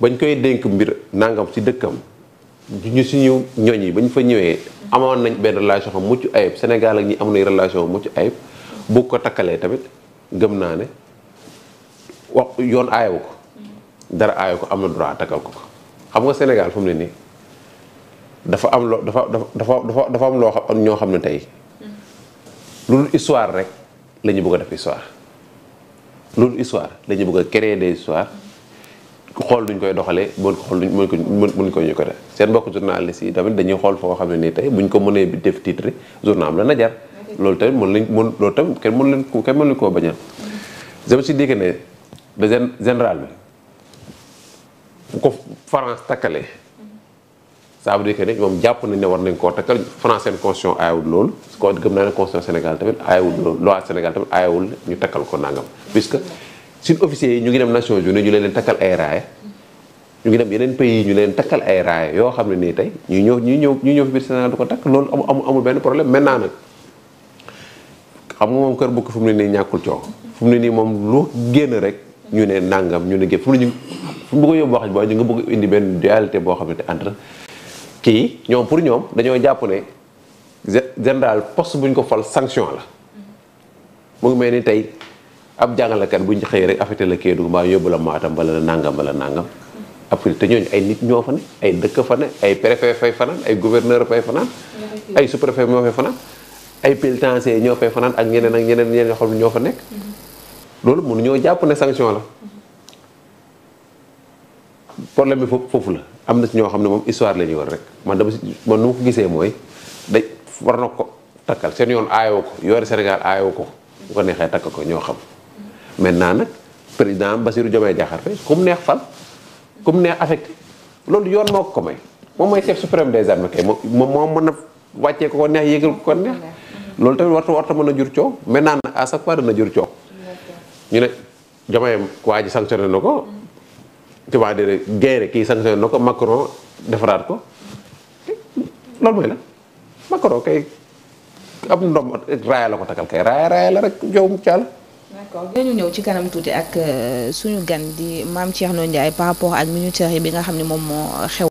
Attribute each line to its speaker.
Speaker 1: bañ koy dénk mbir nangam ci dëkkam ñu suñu ñoñ yi bañ fa ñëwee amoon nañ benn relation mucc ayib Sénégal ak ñi am nañ relation mucc ayib bu ko takkalee tamit gëm naa ne wax yoon aayawu ko dara aayawu ko am na droit takkal ko ko xam nga senegal fu ne nii dafa am loo dafa dafa dafa dafa am loo ñoo xam ne tey lu dul histoire rek la ñu bëgg a def histoire lu dul histoire la bëgg a créer des histoires xool ñu koy doxale mën ko xool mën ko mën ko ñu ko def seen mbokk journaliste yi tamit dañuy xool foo xam ni nii tey buñ ko mënee def titre journal am la na jar loolu tamit mën lañ mën loolu tamit kenn mën leen ko kenn mën leen koo bañal je me suis dit que ne de général bi bu ko France takkalee ça veut moom jàpp nañ ne war nañ koo takkal France seen constitution aayawul loolu ko gëm naa ne constitution Sénégal tamit aayawul loolu loi Sénégal tamit aayawul ñu takkal ko nangam puisque suñu officiers yi ñu ngi dem Nations Unies ñu leen takkal ay raaya ñu ngi dem yeneen pays ñu leen takkal ay raaya yoo xam ne nii tey ñu ñëw ñu ñëw ñu ñëw fi biir Sénégal ko takk loolu amul amul benn problème maintenant nag xam nga moom kër bukki fu ne nii ñàkkul coow fu ne nii moom lu génn rek ñu ne nàngam ñu ne gépp fu mu ne ñu fu mu bëgg a yóbbu wax boo ñu nga bëgg indi benn dualité boo xam ne entre kii ñoom pour ñoom dañoo jàpp ne général poste bu ko fal sanction la mu ab jàngalekat bu ñu xëyee rek affecté la Kédougou mbaa yóbbu la Matam bala la nangam bala nangam ñooñu ay nit ñoo fa ay dëkk fa ay préfet fay ay gouverneur fay ay sous-préfet ay pénitencier ñoo fay ak ñeneen ak ñeneen ñeneen xam ñoo fa nekk loolu mënu ñoo jàpp ne sanction la problème bi foofu la am na si ñoo xam ne moom histoire la ñuy war rek man dama si man nu ko gisee mooy day war na ko takkal seen yoon aayoo ko yoori Sénégal aayoo ko bu ko neexee takk ko ñoo xam maintenant nag président Bassirou Diomaye Diakhar Faye ku mu neex fal ku mu neex affecté loolu yoon moo ko ko may moom mooy chef suprême des armées kay moom moom mën na wàccee ko ko neex yéegal ko ko neex loolu tamit warta warta mën a jur coow maintenant nag à chaque fois dana ñu ne Diomaye waa ji na ko comment dire kii sanctionné na ko Macron defaraat ko loolu mooy la Macron kay am ko takal kay raaya rek jowum caal d'accord dinañu ñëw ci kanam tuuti ak euh, suñu gan di maam Thierno Ndiaye par rapport ak ministère yi bi nga xam ne moom moo xew.